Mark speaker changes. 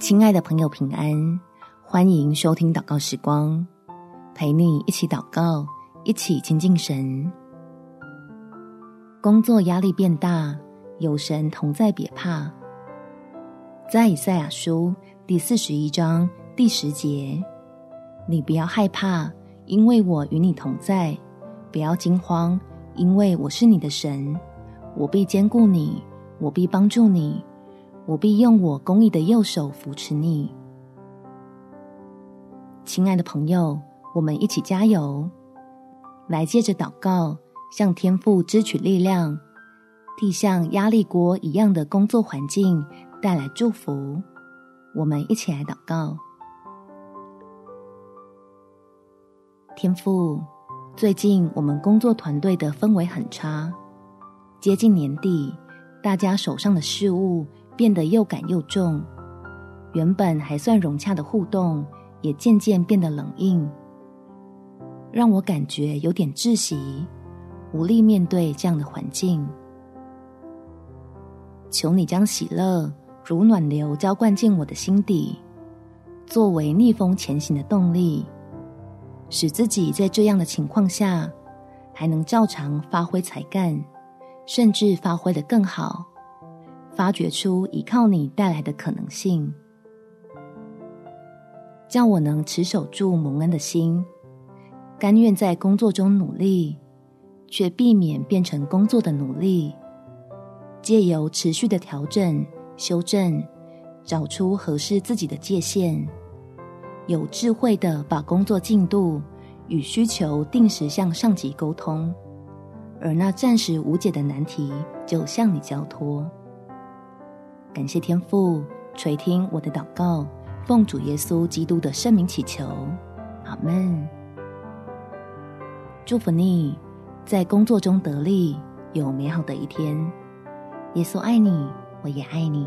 Speaker 1: 親愛的朋友，平安！歡迎收聽禱告時光，陪你一起禱告，一起親近神。工作壓力變大，有神同在，別怕。在以賽亞書第四十一章第十節，你不要害怕，因為我與你同在；不要驚慌，因為我是你的神，我必堅固你，我必幫助你。我必用我公義的右手扶持你，親愛的朋友，我們一起加油，來借着禱告向天父支取力量，替像壓力鍋一樣的工作環境帶來祝福。我們一起來禱告。天父，最近我們工作團隊的氛圍很差，接近年底，大家手上的事務變得又趕又重，原本還算融洽的互動也漸漸變得冷硬，讓我感覺有點窒息，無力面對這樣的環境。求你將喜樂如暖流澆灌進我的心底，作為逆風前行的動力，使自己在這樣的情況下還能照常發揮才幹，甚至發揮的更好。發掘出依靠你帶來的可能性，叫我能持守住蒙恩的心，甘願在工作中努力，卻避免變成工作的奴隸。借由持續的調整、修正，找出合適自己的界線，有智慧的把工作進度與需求定時向上級溝通，而那暫時無解的難題就向你交托。感謝天父垂聽我的禱告，奉主耶穌基督的聖名祈求，阿門。祝福你，在工作中得力，有美好的一天。耶穌愛你，我也愛你。